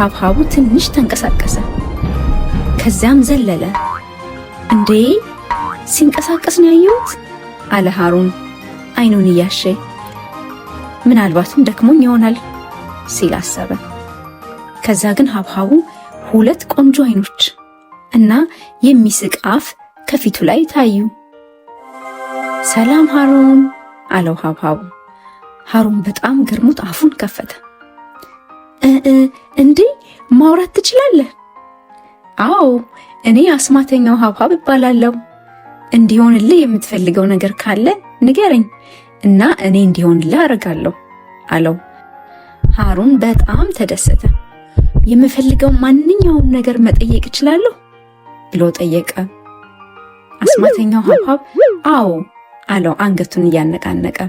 ሀብሀቡ ትንሽ ተንቀሳቀሰ። ከዚያም ዘለለ። እንዴ ሲንቀሳቀስ ነው ያየሁት አለ ሃሩን አይኑን እያሸ። ምናልባትም ደክሞኝ ይሆናል ሲል አሰበ። ከዛ ግን ሀብሀቡ ሁለት ቆንጆ አይኖች እና የሚስቅ አፍ ከፊቱ ላይ ታዩ። ሰላም ሃሩን አለው ሀብሀቡ ሃሩን በጣም ገርሞት አፉን ከፈተ። እንዴ ማውራት ትችላለህ? አዎ እኔ አስማተኛው ሀብሀብ እባላለሁ። እንዲሆንልህ የምትፈልገው ነገር ካለ ንገረኝ እና እኔ እንዲሆንልህ አደርጋለሁ አለው። ሃሩን በጣም ተደሰተ። የምፈልገው ማንኛውም ነገር መጠየቅ እችላለሁ ብሎ ጠየቀ። አስማተኛው ሀብሀብ አዎ አለው አንገቱን እያነቃነቀ